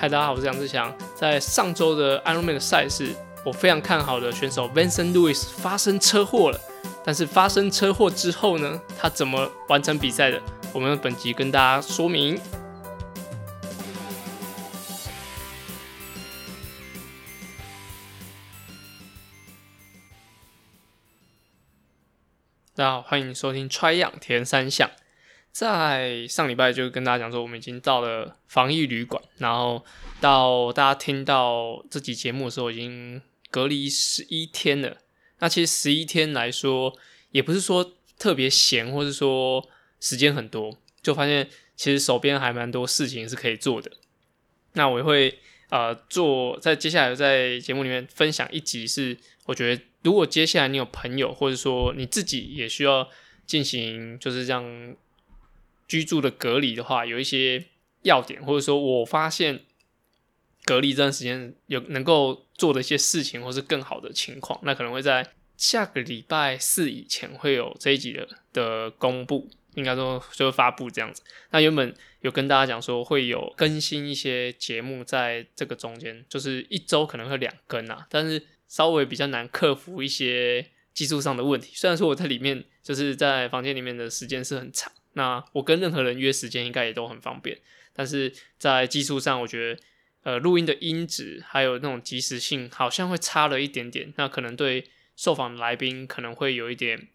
嗨，大家好，我是楊志祥。在上周的 Ironman 賽事，我非常看好的選手 Vincent Luis 發生車禍了。但是發生車禍之後呢，他怎麼完成比賽的？我們本集跟大家說明。大家好，歡迎收聽《TriYang 田三項》。在上禮拜就跟大家講說，我們已經到了防疫旅館，然後到大家聽到這集節目的時候，已經隔離十一天了。那其實十一天來說，也不是說特別閒，或是說時間很多，就發現其實手邊還蠻多事情是可以做的。那我也會呃做在接下來在節目裡面分享一集，是我覺得如果接下來你有朋友，或者說你自己也需要進行，就是這樣。居住的隔離的話，有一些要點，或者說我發現隔離這段時間有能夠做的一些事情，或是更好的情況，那可能會在下個禮拜四以前會有這一集的的公布，應該說就會發布這樣子。那原本有跟大家講說會有更新一些節目在這個中間，就是一周可能會兩更啊，但是稍微比較難克服一些技術上的問題。雖然說我在裡面就是在房間裡面的時間是很長。那我跟任何人約時間應該也都很方便，但是在技術上，我覺得呃錄音的音質還有那種即時性好像會差了一點點，那可能對受訪來賓可能會有一點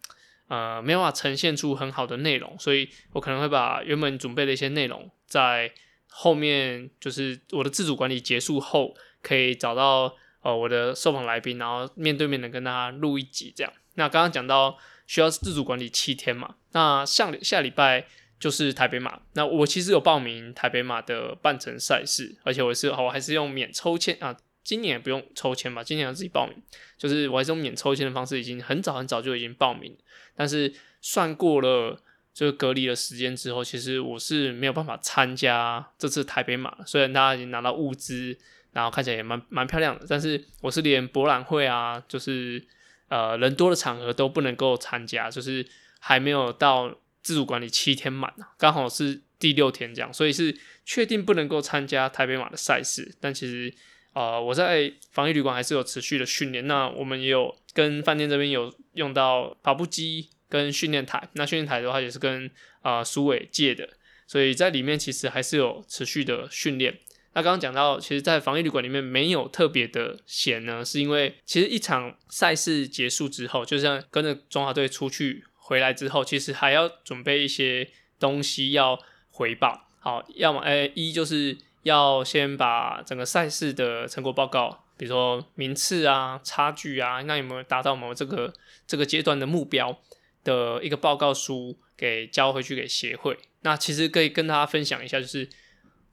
呃沒辦法呈現出很好的內容，所以我可能會把原本準備的一些內容在後面，就是我的自主管理結束後，可以找到呃我的受訪來賓，然後面對面的跟他錄一集這樣。那剛剛講到。需要自主管理七天嘛？那下下禮拜就是台北馬。那我其實有報名台北馬的半程賽事，而且我是我還是用免抽籤啊，今年也不用抽籤吧？今年要自己報名。就是我還是用免抽籤的方式，已經很早很早就已經報名。但是算過了這個隔離的時間之後，其實我是沒有辦法參加這次台北馬。雖然大家已經拿到物資，然後看起來也蠻蠻漂亮的，但是我是連博覽會啊，就是。呃，人多的場合都不能夠參加，就是還沒有到自主管理七天滿，剛好是第六天這樣，所以是確定不能夠參加台北馬的賽事。但其實，呃，我在防疫旅館還是有持續的訓練。那我們也有跟飯店這邊有用到跑步機跟訓練台。那訓練台的話也是跟啊蘇偉借的，所以在裡面其實還是有持續的訓練。那剛剛講到，其實，在防疫旅館裡面沒有特別的閒呢，是因為其實一場賽事結束之後，就像跟着中華隊出去回來之後，其實還要準備一些東西要回報。好，要麼，哎、欸，一就是要先把整個賽事的成果報告，比如說名次啊、差距啊，那有沒有達到某這個這個階段的目標的一個報告書給交回去給協會。那其實可以跟大家分享一下，就是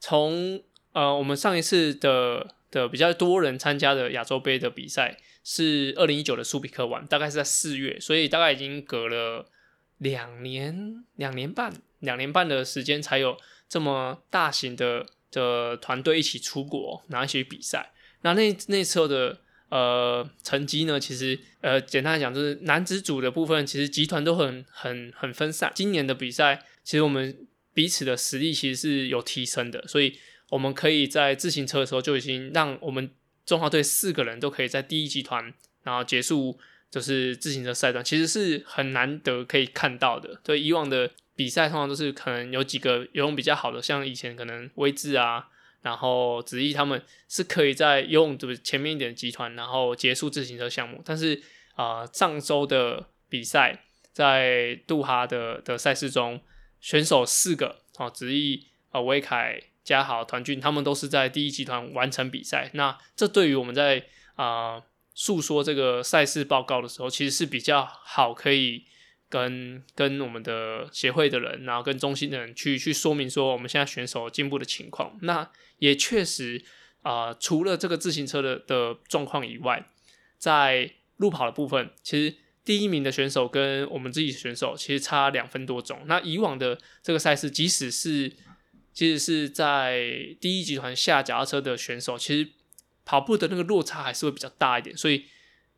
從。從呃，我們上一次的的比較多人參加的亞洲杯的比賽是二零一九的蘇比克灣，大概是在四月，所以大概已經隔了兩年、兩年半、兩年半的時間，才有這麼大型的的團隊一起出國然後一起去比賽。那那那時候的呃成績呢，其實呃簡單來講，就是男子組的部分，其實集團都很很很分散。今年的比賽，其實我們彼此的實力其實是有提升的，所以。我們可以在自行車的時候就已經讓我們中華隊四個人都可以在第一集團，然後結束就是自行車賽段，其實是很難得可以看到的。所以以往的比賽，通常都是可能有幾個游泳比較好的，像以前可能威志啊，然後子意他們是可以在游泳就是前面一點的集團，然後結束自行車項目。但是啊、呃，上周的比賽在杜哈的的賽事中，選手四個啊，子意啊，威凱。嘉豪聚、團俊他們都是在第一集團完成比賽，那這對於我們在啊訴、呃、說這個賽事報告的時候，其實是比較好可以跟跟我們的協會的人，然後跟中心的人去去說明說我們現在選手進步的情況。那也確實啊、呃，除了這個自行車的的狀況以外，在路跑的部分，其實第一名的選手跟我們自己的選手其實差兩分多鐘。那以往的這個賽事，即使是其實是在第一集團下腳踏車的選手，其實跑步的那個落差還是會比較大一點，所以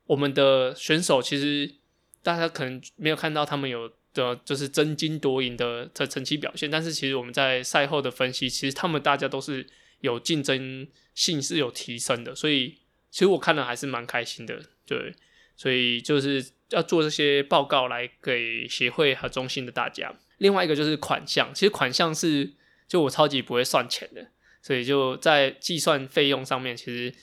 我們的選手其實大家可能沒有看到他們有的就是爭金奪銀的的成績表現，但是其實我們在賽後的分析，其實他們大家都是有競爭性是有提升的，所以其實我看了還是蠻開心的，對，所以就是要做這些報告來給協會和中心的大家。另外一個就是款項，其實款項是。就我超級不會算錢的，所以就在計算費用上面，其實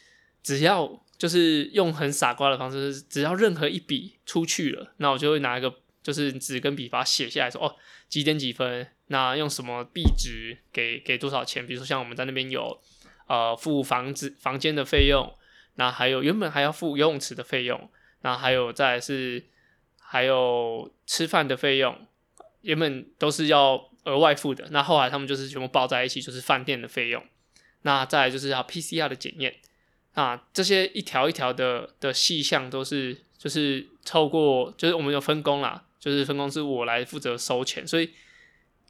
只要就是用很傻瓜的方式，只要任何一筆出去了，那我就會拿一個就是紙跟筆把它寫下來說，哦，幾點幾分，那用什麼幣值給給多少錢？比如說像我們在那邊有呃付房子房間的費用，那還有原本還要付游泳池的費用，那還有再來是還有吃飯的費用，原本都是要。額外付的，那後來他們就是全部包在一起，就是飯店的費用。那再來就是要 PCR 的檢驗，那這些一條一條的的細項都是，就是透過，就是我們有分工啦，就是分工是我來負責收錢，所以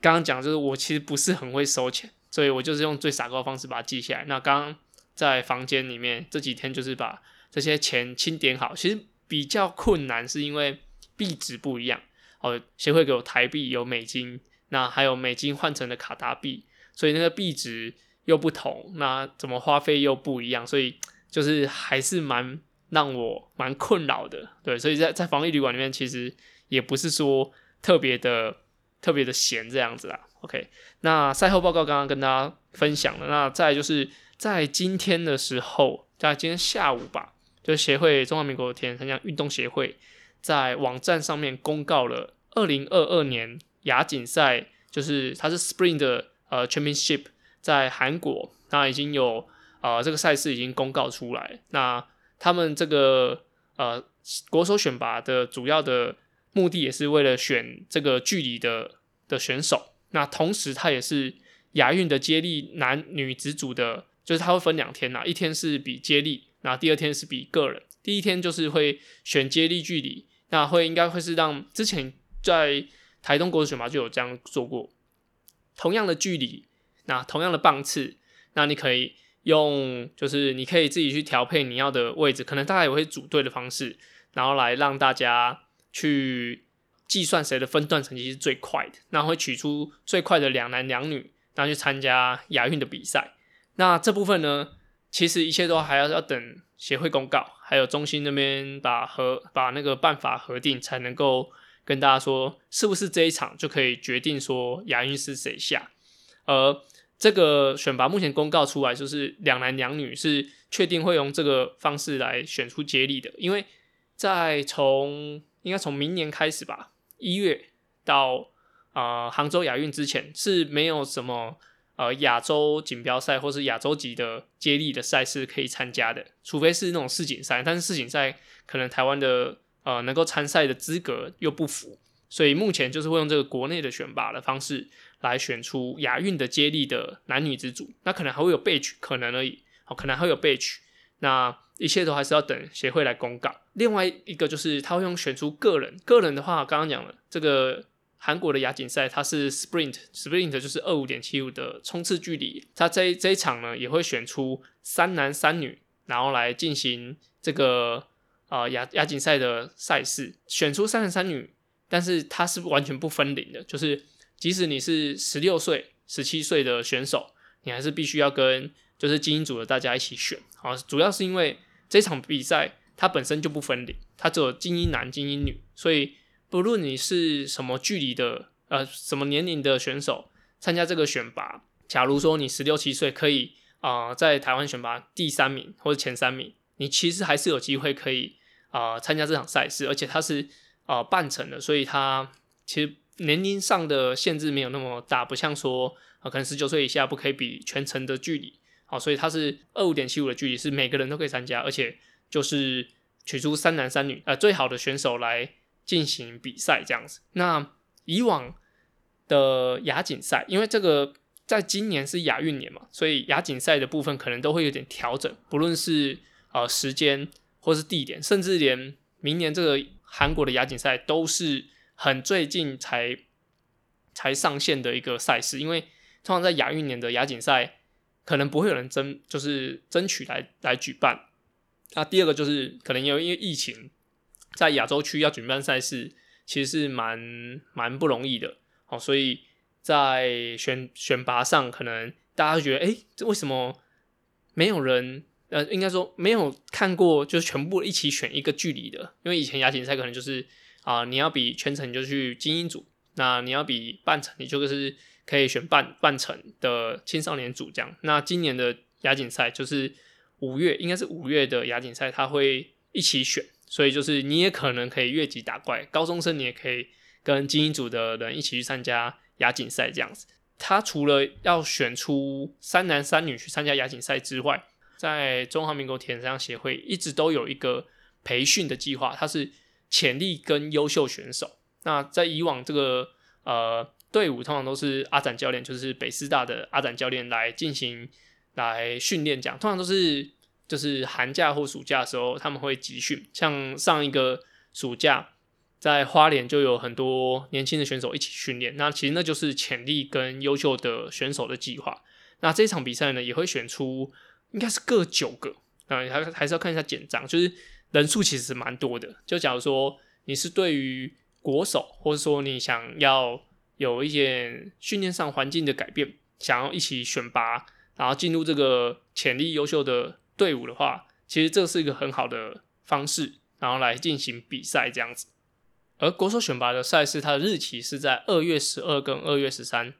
剛剛講就是我其實不是很會收錢，所以我就是用最傻瓜的方式把它記下來。那剛剛在房間裡面這幾天就是把這些錢清點好，其實比較困難，是因為幣值不一樣。好，協會給我台幣，有美金，那還有美金換成的卡達幣，所以那個幣值又不同，那怎麼花費又不一樣，所以就是還是蠻讓我蠻困擾的，對，所以在在防疫旅館裡面其實也不是說特別的特別的閒這樣子啦，OK。那賽後報告剛剛跟大家分享了，那再就是在今天的時候，在今天下午吧，就協會中華民國鐵人三項運動協會在網站上面公告了二零二二年。亞錦賽就是它是 Spring 的、呃 Championship，在韓國那已經有啊、呃、這個賽事已經公告出來，那他們這個呃國手選拔的主要的目的也是為了選這個距離的的選手。那同時它也是亞運的接力男女子組的，就是它會分兩天吶、啊，一天是比接力，那第二天是比個人。第一天就是會選接力距離，那會應該會是讓之前在台東國際選拔就有這樣做過，同樣的距離，那同樣的棒次，那你可以用，就是你可以自己去調配你要的位置，可能大概也會組隊的方式，然後來讓大家去計算誰的分段成績是最快的，然後會取出最快的兩男兩女，然後去參加亞運的比賽。那這部分呢，其實一切都還要要等協會公告，還有中心那邊把合把那個辦法核定才能夠。跟大家說，是不是這一場就可以決定說亞運是誰下？而這個選拔目前公告出來，就是兩男兩女是確定會用這個方式來選出接力的。因為在從應該從明年開始吧，一月到啊、呃、杭州亞運之前，是沒有什麼呃亞洲錦標賽或是亞洲級的接力的賽事可以參加的，除非是那種世錦賽，但是世錦賽可能台灣的。呃，能夠參賽的資格又不符，所以目前就是會用這個國內的選拔的方式來選出亞運的接力的男女子組。那可能還會有備取，可能而已，好、哦，可能還會有備取。那一切都還是要等協會來公告。另外一個就是他會用選出個人，個人的話我剛剛講了，這個韓國的亞錦賽它是 sprint sprint 就是二五點七五的衝刺距離，他這一這一場呢也會選出三男三女，然後來進行這個。啊，亞亞錦賽的賽事選出三男三女，但是他是完全不分齡的，就是即使你是十六歲、十七歲的選手，你還是必須要跟就是精英組的大家一起選。啊、呃，主要是因為這場比賽它本身就不分齡，它只有精英男、精英女，所以不論你是什麼距離的、呃，什麼年齡的選手參加這個選拔，假如說你十六七歲可以啊、呃，在台灣選拔第三名或者前三名，你其實還是有機會可以。啊，參加這場賽事，而且他是啊、呃、半程的，所以他其實年齡上的限制沒有那麼大，不像說啊、呃、可能十九歲以下不可以比全程的距離，好、呃，所以他是二五點七五的距離，是每個人都可以參加，而且就是取出三男三女，呃，最好的選手來進行比賽這樣子。那以往的亞錦賽，因為這個在今年是亞運年嘛，所以亞錦賽的部分可能都會有點調整，不論是啊、呃、時間。或是地點，甚至連明年這個韓國的亞錦賽都是很最近才才上線的一個賽事，因為通常在亞運年的亞錦賽，可能不會有人爭，就是爭取來來舉辦。啊，第二個就是可能因為因為疫情，在亞洲區要舉辦賽事，其實是蠻蠻不容易的。好、哦，所以在選選拔上，可能大家覺得，哎、欸，這為什麼沒有人？呃，應該說沒有看過，就是全部一起選一個距離的，因為以前亞錦賽可能就是啊、呃，你要比全程就去精英組，那你要比半程，你就是可以選半半程的青少年組這樣。那今年的亞錦賽就是五月，應該是五月的亞錦賽，他會一起選，所以就是你也可能可以越級打怪，高中生你也可以跟精英組的人一起去參加亞錦賽這樣子。他除了要選出三男三女去參加亞錦賽之外，在中華民國鐵人三項協會，一直都有一個培訓的計劃，它是潛力跟優秀選手。那在以往這個呃隊伍通常都是阿展教練，就是北師大的阿展教練來進行來訓練講，通常都是就是寒假或暑假的時候他們會集訓。像上一個暑假在花蓮就有很多年輕的選手一起訓練。那其實那就是潛力跟優秀的選手的計劃。那這場比賽呢也會選出。應該是各九個嗯，還還是要看一下簡章，就是人數其實蠻多的。就假如說你是對於國手，或者說你想要有一些訓練上環境的改變，想要一起選拔，然後進入這個潛力優秀的隊伍的話，其實這是一個很好的方式，然後來進行比賽這樣子。而國手選拔的賽事，它的日期是在二月十二跟二月十三。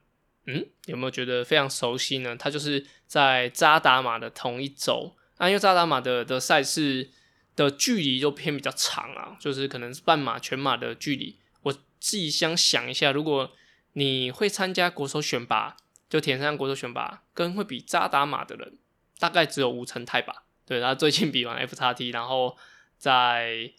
嗯，有沒有覺得非常熟悉呢？他就是在渣打馬的同一週，啊，因為渣打馬的的賽事的距離就偏比較長啊，就是可能是半馬、全馬的距離。我自己想想一下，如果你會參加國手選拔，就鐵三國手選拔，跟會比渣打馬的人，大概只有吳承泰吧。對，他最近比完 F 叉 T，然後在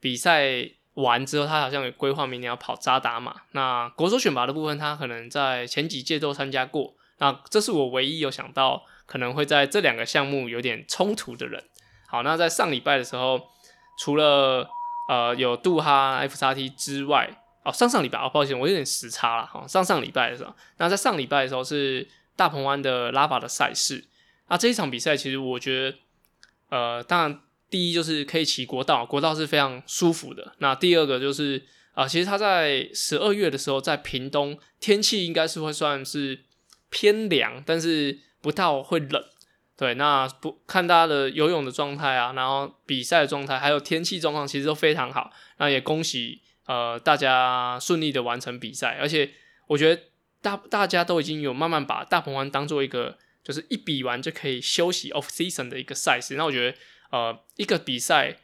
比賽。完之後，他好像有規劃明年要跑渣打馬，那國手選拔的部分，他可能在前幾屆都參加過。那這是我唯一有想到可能會在這兩個項目有點衝突的人。好，那在上禮拜的時候，除了呃有杜哈 FXT 之外，哦上上禮拜哦，抱歉我有點時差了哈、哦，上上禮拜的時候，那在上禮拜的時候是大鵬灣的 LAVA 的賽事。那這一場比賽，其實我覺得，呃，當然。第一就是可以騎國道，國道是非常舒服的。那第二個就是啊、呃，其實他在十二月的時候在屏東，天氣應該是會算是偏涼，但是不到會冷。對，那不看大家的游泳的狀態啊，然後比賽的狀態，還有天氣狀況，其實都非常好。那也恭喜呃大家順利的完成比賽，而且我覺得大大家都已經有慢慢把大鵬灣當做一個就是一比完就可以休息 off season 的一個賽事。那我覺得。呃，一個比賽，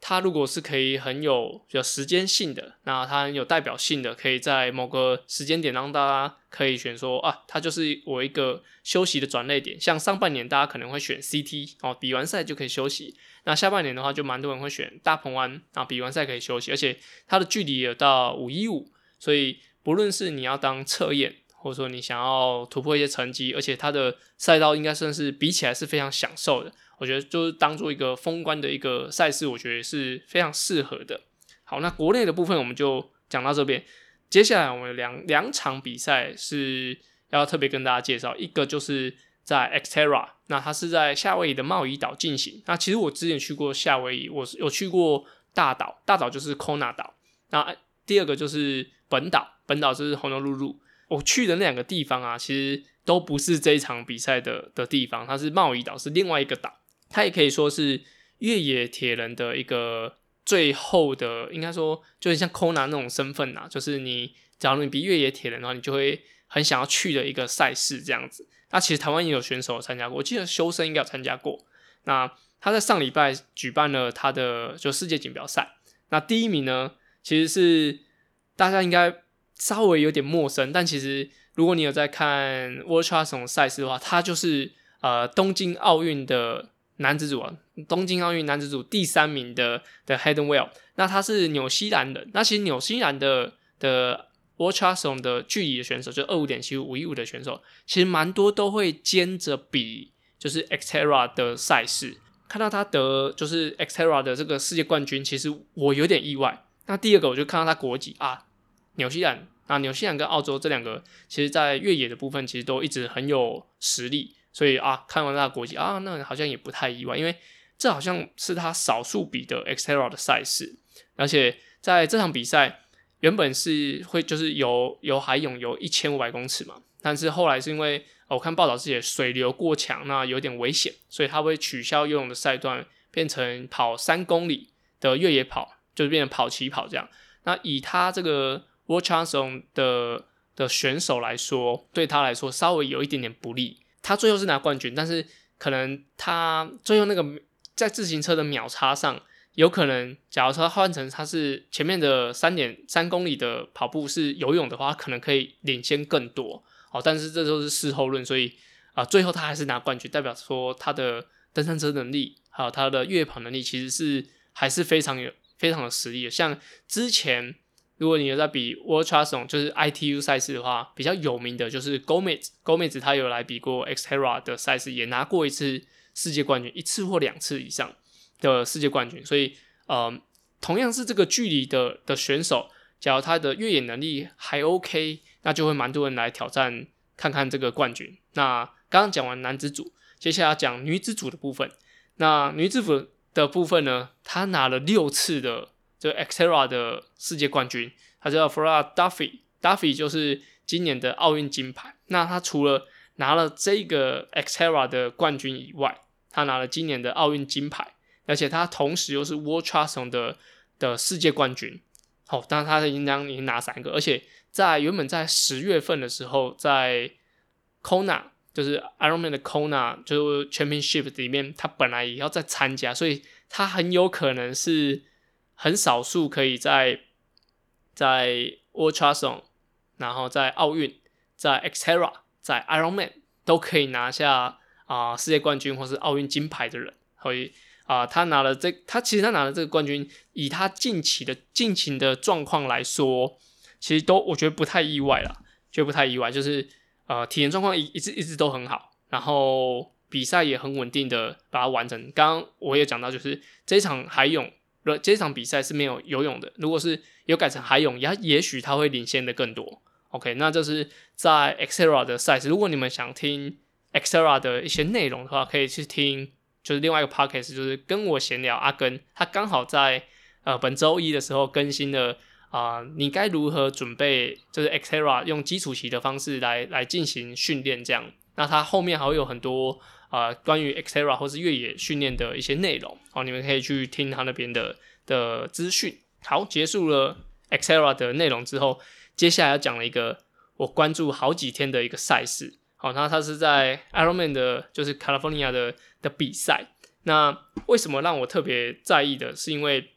它如果是可以很有有時間性的，那它很有代表性的，可以在某個時間點讓大家可以選說啊，它就是我一個休息的轉捩點。像上半年大家可能會選 CT 哦，比完賽就可以休息；那下半年的話，就蠻多人會選大鵬灣啊，比完賽可以休息，而且它的距離有到五一五，所以不論是你要當測驗。或者說你想要突破一些成績，而且它的賽道應該算是比起來是非常享受的。我覺得就是當做一個封關的一個賽事，我覺得是非常適合的。好，那國內的部分我們就講到這邊。接下來我們兩兩場比賽是要特別跟大家介紹，一個就是在 XTERRA，那它是在夏威夷的茂宜島進行。那其實我之前去過夏威夷，我有去過大島，大島就是 Kona 島。那、呃、第二個就是本島，本島就是 Honolulu。我、哦、去的那兩個地方啊，其實都不是這一場比賽的的地方。它是貿易島，是另外一個島。它也可以說是越野鐵人的一個最後的，應該說就是像扣 o a 那種身份吶、啊，就是你假如你比越野鐵人的話，你就會很想要去的一個賽事這樣子。那其實臺灣也有選手參加過，我記得修身應該有參加過。那他在上禮拜舉辦了他的就世界錦標賽。那第一名呢，其實是大家應該。稍微有點陌生，但其實如果你有在看 World Triathlon 賽事的話，他就是呃東京奧運的男子組、啊，東京奧運男子組第三名的的 Hayden Wilde。那他是紐西蘭的，那其實紐西蘭的的 World Triathlon 的距離的選手，就二五點七五一五的選手，其實蠻多都會兼着比就是 XTERRA 的賽事。看到他得就是 XTERRA 的這個世界冠軍，其實我有點意外。那第二個我就看到他國籍啊。紐西蘭，那紐西蘭跟澳洲這兩個，其實在越野的部分，其實都一直很有實力，所以啊，看完那個國際啊，那好像也不太意外，因為這好像是他少數比的 Xterra 的賽事，而且在這場比賽原本是會就是有有海泳游一千五百公尺嘛，但是後來是因為我看報道是寫水流過強，那有點危險，所以他會取消游泳的賽段，變成跑三公里的越野跑，就是變成跑騎跑這樣。那以他這個。沃查松的的選手來說，對他來說稍微有一點點不利。他最後是拿冠軍，但是可能他最後那個在自行車的秒差上，有可能，假如說換成他是前面的三點三公里的跑步是游泳的話，可能可以領先更多。好、哦，但是這都是事後論，所以啊，最後他還是拿冠軍，代表說他的登山車能力還有、啊、他的越野跑能力，其實是還是非常有非常的實力的。像之前。如果你有在比 World Champs，就是 ITU 賽事的話，比較有名的就是 Gomez，Gomez 他有來比過 Xterra 的賽事，也拿過一次世界冠軍，一次或兩次以上的世界冠軍。所以，呃、嗯，同樣是這個距離的的選手，假如他的越野能力還 OK，那就會蠻多人來挑戰，看看這個冠軍。那剛剛講完男子組，接下來要講女子組的部分。那女子組的部分呢，他拿了六次的。就 Xterra 的世界冠軍，他叫 Flora Duffy，Duffy 就是今年的奧運金牌。那他除了拿了這個 Xterra 的冠軍以外，他拿了今年的奧運金牌，而且他同時又是 World Triathlon 的的世界冠軍。好，當然他應當章已經拿三個，而且在原本在十月份的時候，在 Kona 就是 Ironman 的 Kona 就是 Championship 裡面，他本來也要再參加，所以他很有可能是。很少數可以在在 ultrason，然後在奧運，在 XTERRA，在 Ironman 都可以拿下啊、呃、世界冠軍或是奧運金牌的人，所以啊、呃，他拿了這他其實他拿了這個冠軍，以他近期的近期的狀況來說，其實都我覺得不太意外了，覺得不太意外，就是呃，體驗狀況一次一直一直都很好，然後比賽也很穩定的把它完成。剛剛我也講到，就是這一場海泳。這場比賽是沒有游泳的。如果是有改成海泳，也也許他會領先的更多。OK，那這是在 Xterra 的賽事。如果你們想聽 Xterra 的一些內容的話，可以去聽就是另外一個 podcast，就是跟我閒聊。阿根他剛好在呃本週一的時候更新了啊，呃，你該如何準備？就是 Xterra 用基礎級的方式來來進行訓練，這樣。那他後面還會有很多。啊、呃，關於 XTERRA 或是越野訓練的一些內容，哦，你們可以去聽他那邊的的資訊。好，結束了 XTERRA 的內容之後，接下來要講了一個我關注好幾天的一個賽事。好，哦，那它是在 Ironman 的就是 California 的的比賽。那為什麼讓我特別在意的，是因為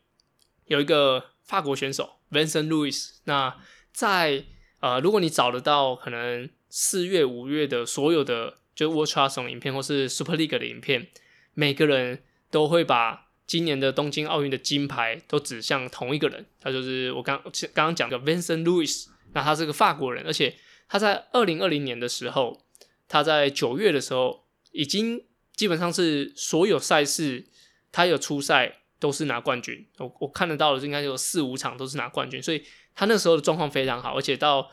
有一個法國選手 Vincent Luis。那在呃，如果你找得到，可能四月、五月的所有的。就 Watch 啊，什麼影片，或是 Super League 的影片，每個人都會把今年的東京奧運的金牌都指向同一個人，他就是我剛剛剛講的 Vincent Luis。那他是個法國人，而且他在二零二零年的時候，他在九月的時候，已經基本上是所有賽事他有出賽都是拿冠軍。我我看得到的是應該有四五場都是拿冠軍，所以他那時候的狀況非常好，而且到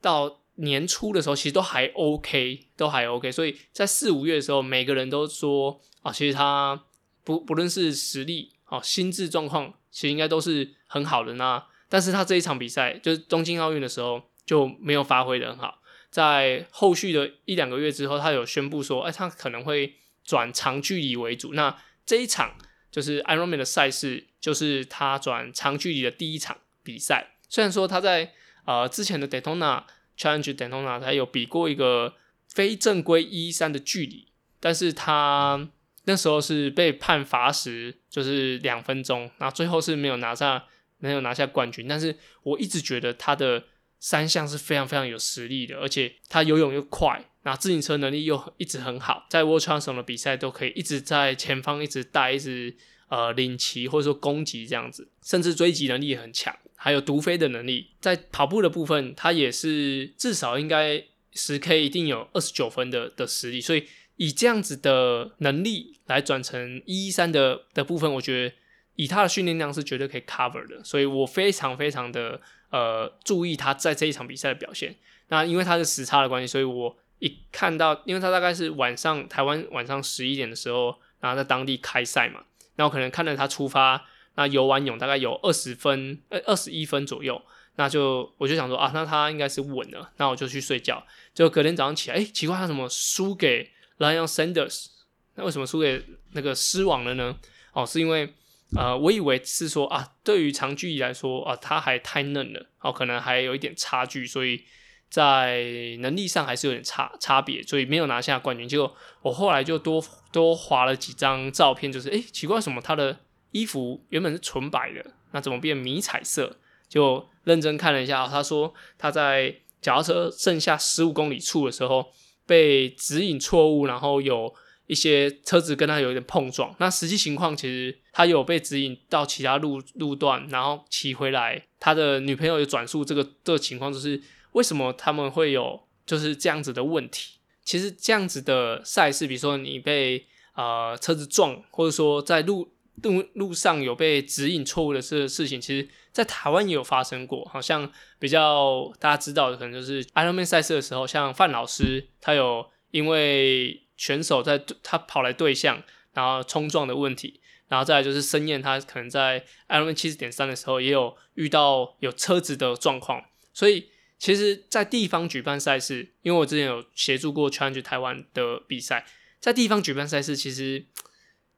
到。年初的時候其實都還 OK，都還 OK，所以在四五月的時候，每個人都說啊，其實他不不論是實力哦、啊，心智狀況其實應該都是很好的呢、啊。但是他這一場比賽就是東京奧運的時候就沒有發揮的很好。在後續的一兩個月之後，他有宣布說，哎、啊，他可能會轉長距離為主。那這一場就是 Ironman 的賽事，就是他轉長距離的第一場比賽。雖然說他在呃之前的 Daytona。challenge 等同他有比過一個非正規一一三的距離，但是他那時候是被判罰時，就是兩分鐘，然後，最後是沒有拿下，沒有拿下冠軍。但是我一直覺得他的三項是非常非常有實力的，而且他游泳又快，然後自行車能力又一直很好，在沃川什麼比賽都可以一直在前方一直帶一直。呃，領騎或者說攻擊這樣子，甚至追擊能力也很強，還有獨飛的能力。在跑步的部分，他也是至少應該十 k 一定有二十九分的的實力，所以以這樣子的能力來轉成一一三的的部分，我覺得以他的訓練量是絕對可以 cover 的，所以我非常非常的呃注意他在這一場比賽的表現。那因為他是時差的關係，所以我一看到，因為他大概是晚上台灣晚上十一點的時候，然後在當地開賽嘛。那我可能看着他出發，那游完泳大概有二十分、二二十一分左右，那就我就想說啊，那他應該是穩了，那我就去睡覺。就隔天早上起來，哎、欸，奇怪，他怎麼輸給 Lion Sanders？那為什麼輸給那個獅王了呢？哦，是因為呃，我以為是說啊，對於長距離來說啊，他還太嫩了，哦，可能還有一點差距，所以。在能力上還是有點差差別，所以沒有拿下冠軍。結果我後來就多多划了幾張照片，就是誒、欸，奇怪什麼？他的衣服原本是純白的，那怎麼變迷彩色？就認真看了一下，他說他在腳踏車剩下十五公里處的時候被指引錯誤，然後有一些車子跟他有點碰撞。那實際情況其實他有被指引到其他路路段，然後騎回來。他的女朋友有轉述這個這個、情況，就是。為什麼他們會有就是這樣子的問題？其實這樣子的賽事，比如說你被啊、呃、車子撞，或者說在路路路上有被指引錯誤的事事情，其實，在台灣也有發生過。好像比較大家知道的，可能就是 Ironman 賽事的時候，像范老師他有因為選手在他跑來對象然後衝撞的問題，然後再來就是森彥他可能在 Ironman 70.3的時候也有遇到有車子的狀況，所以。其實，在地方舉辦賽事，因為我之前有協助過全台台灣的比賽，在地方舉辦賽事，其實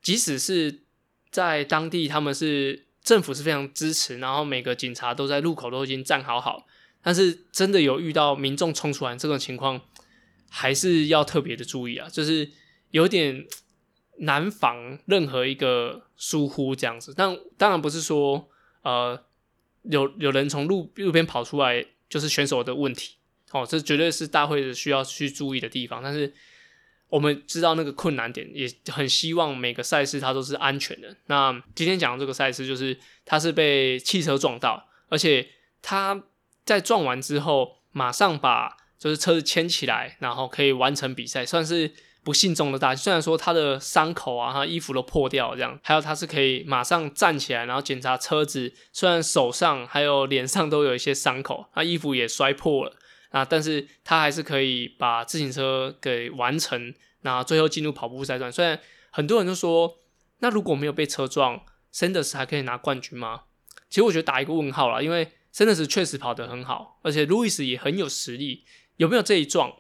即使是在當地，他們是政府是非常支持，然後每個警察都在路口都已經站好好，但是真的有遇到民眾衝出來這種情況，還是要特別的注意啊，就是有點難防任何一個疏忽這樣子。但當然不是說，呃，有有人從路路邊跑出來。就是選手的問題，哦，這絕對是大會的需要去注意的地方。但是我們知道那個困難點，也很希望每個賽事它都是安全的。那今天講的這個賽事，就是它是被汽車撞到，而且他在撞完之後，馬上把就是車子牽起來，然後可以完成比賽，算是不幸中的大，雖然說他的傷口啊，他衣服都破掉這樣，還有他是可以馬上站起來，然後檢查車子。雖然手上還有臉上都有一些傷口，他衣服也摔破了啊，那但是他還是可以把自行車給完成，那最後進入跑步賽段。雖然很多人都說，那如果沒有被車撞，Sanders 還可以拿冠軍嗎？其實我覺得打一個問號啦，因為 Sanders 確實跑得很好，而且 Luis 也很有實力，有沒有這一撞？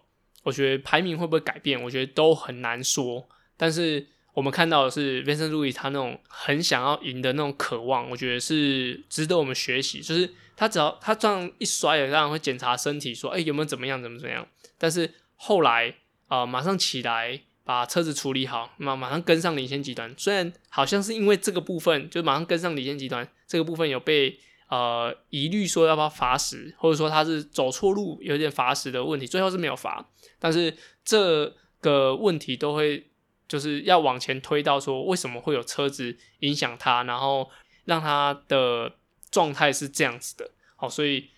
我覺得排名會不會改變？我覺得都很難說。但是我們看到的是，Vincent Luis 他那種很想要贏的那種渴望，我覺得是值得我們學習。就是他只要他這樣一摔，也這樣會檢查身體說，說、欸、哎有沒有怎麼樣，怎麼怎麼樣。但是後來啊、呃，馬上起來把車子處理好，馬馬上跟上領先集團。雖然好像是因為這個部分，就馬上跟上領先集團這個部分有被。呃，疑慮說要不要罰時，或者說他是走錯路，有點罰時的問題，最後是沒有罰。但是這個問題都會就是要往前推到說，為什麼會有車子影響他，然後讓他的狀態是這樣子的。好，所以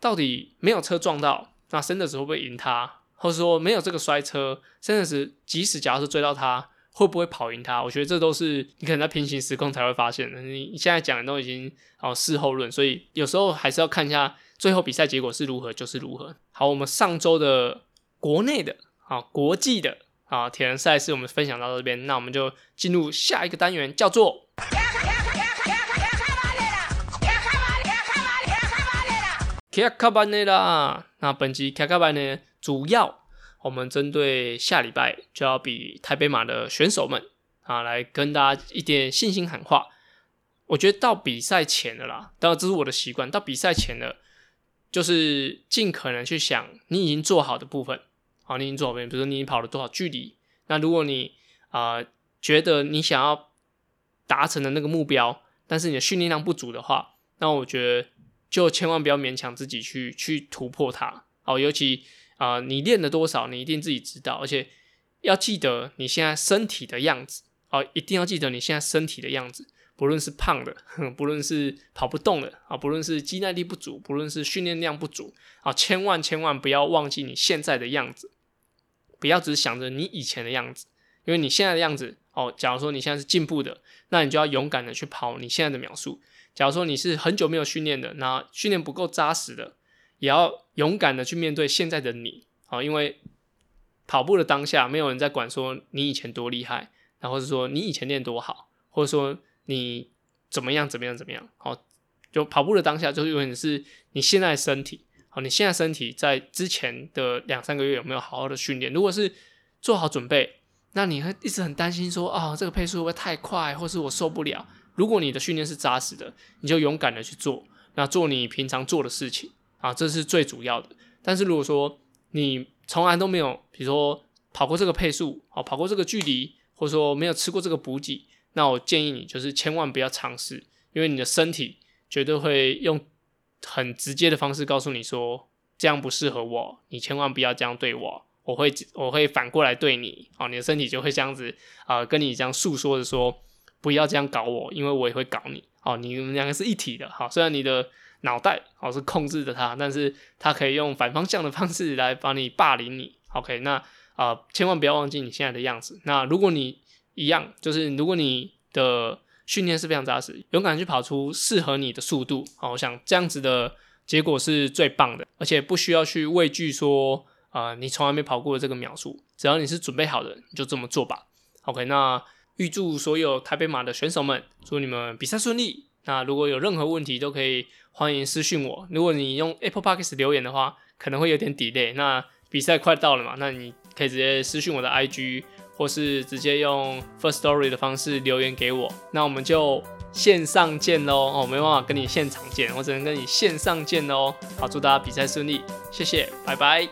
到底沒有車撞到，那森德斯會不會贏他？或者說沒有這個摔車，森德斯，即使假如是追到他。會不會跑贏他？我覺得這都是你可能在平行時空才會發現的。你你現在講的都已經哦、呃、事後論，所以有時候還是要看一下最後比賽結果是如何就是如何。好，我們上周的國內的啊、國際的啊鐵人賽事我們分享到這邊，那我們就進入下一個單元，叫做，卡卡巴內拉，卡卡巴內拉，那本集卡卡巴內拉主要。我們針對下禮拜就要比台北馬的選手們啊，來跟大家一點信心喊話。我覺得到比賽前了啦，當然這是我的習慣，到比賽前了就是盡可能去想你已經做好的部分好、啊，你已經做好的部分，比如說你已經跑了多少距離。那如果你啊、呃、覺得你想要達成的那個目標，但是你的訓練量不足的話，那我覺得就千萬不要勉強自己去去突破它好、啊，尤其。啊、呃，你練了多少，你一定自己知道，而且要記得你現在身體的樣子，哦、呃，一定要記得你現在身體的樣子，不論是胖的，哼，不論是跑不動的，啊、呃，不論是肌耐力不足，不論是訓練量不足，啊、呃，千萬千萬不要忘記你現在的樣子，不要只想着你以前的樣子，因為你現在的樣子，哦、呃，假如說你現在是進步的，那你就要勇敢的去跑你現在的秒數，假如說你是很久沒有訓練的，那訓練不夠紮實的。也要勇敢的去面對現在的你，哦，因為跑步的當下，沒有人在管說你以前多厲害，啊、然後是說你以前練多好，或者說你怎麼樣怎麼樣怎麼樣，哦，就跑步的當下，就是因為你是你現在的身體，好、哦，你現在的身體在之前的兩三個月有沒有好好的訓練？如果是做好準備，那你會一直很擔心說，啊、哦，這個配速會不會太快，或是我受不了？如果你的訓練是紮實的，你就勇敢的去做，那做你平常做的事情。啊，這是最主要的。但是如果說你從來都沒有，比如說跑過這個配速，啊，跑過這個距離，或者說沒有吃過這個補給，那我建議你就是千萬不要嘗試，因為你的身體絕對會用很直接的方式告訴你說，這樣不適合我，你千萬不要這樣對我，我會我會反過來對你，啊，你的身體就會這樣子，啊，跟你這樣訴說着說，不要這樣搞我，因為我也會搞你，哦，啊，你們兩個是一體的，哈，啊，雖然你的。腦袋哦是控制着它，但是它可以用反方向的方式來把你霸凌你。OK，那啊，呃，千萬不要忘記你現在的樣子。那如果你一樣，就是如果你的訓練是非常扎實，勇敢去跑出適合你的速度。好，我想這樣子的結果是最棒的，而且不需要去畏懼說啊，呃，你從來沒跑過的這個秒數。只要你是準備好的，你就這麼做吧。OK，那預祝所有台北馬的選手們，祝你們比賽順利。那如果有任何問題，都可以歡迎私信我。如果你用 Apple Podcast 留言的話，可能會有點 delay。那比賽快到了嘛，那你可以直接私信我的 IG，或是直接用 First Story 的方式留言給我。那我們就線上見嘍，我、哦、沒辦法跟你現場見，我只能跟你線上見嘍。好，祝大家比賽順利，謝謝，拜拜。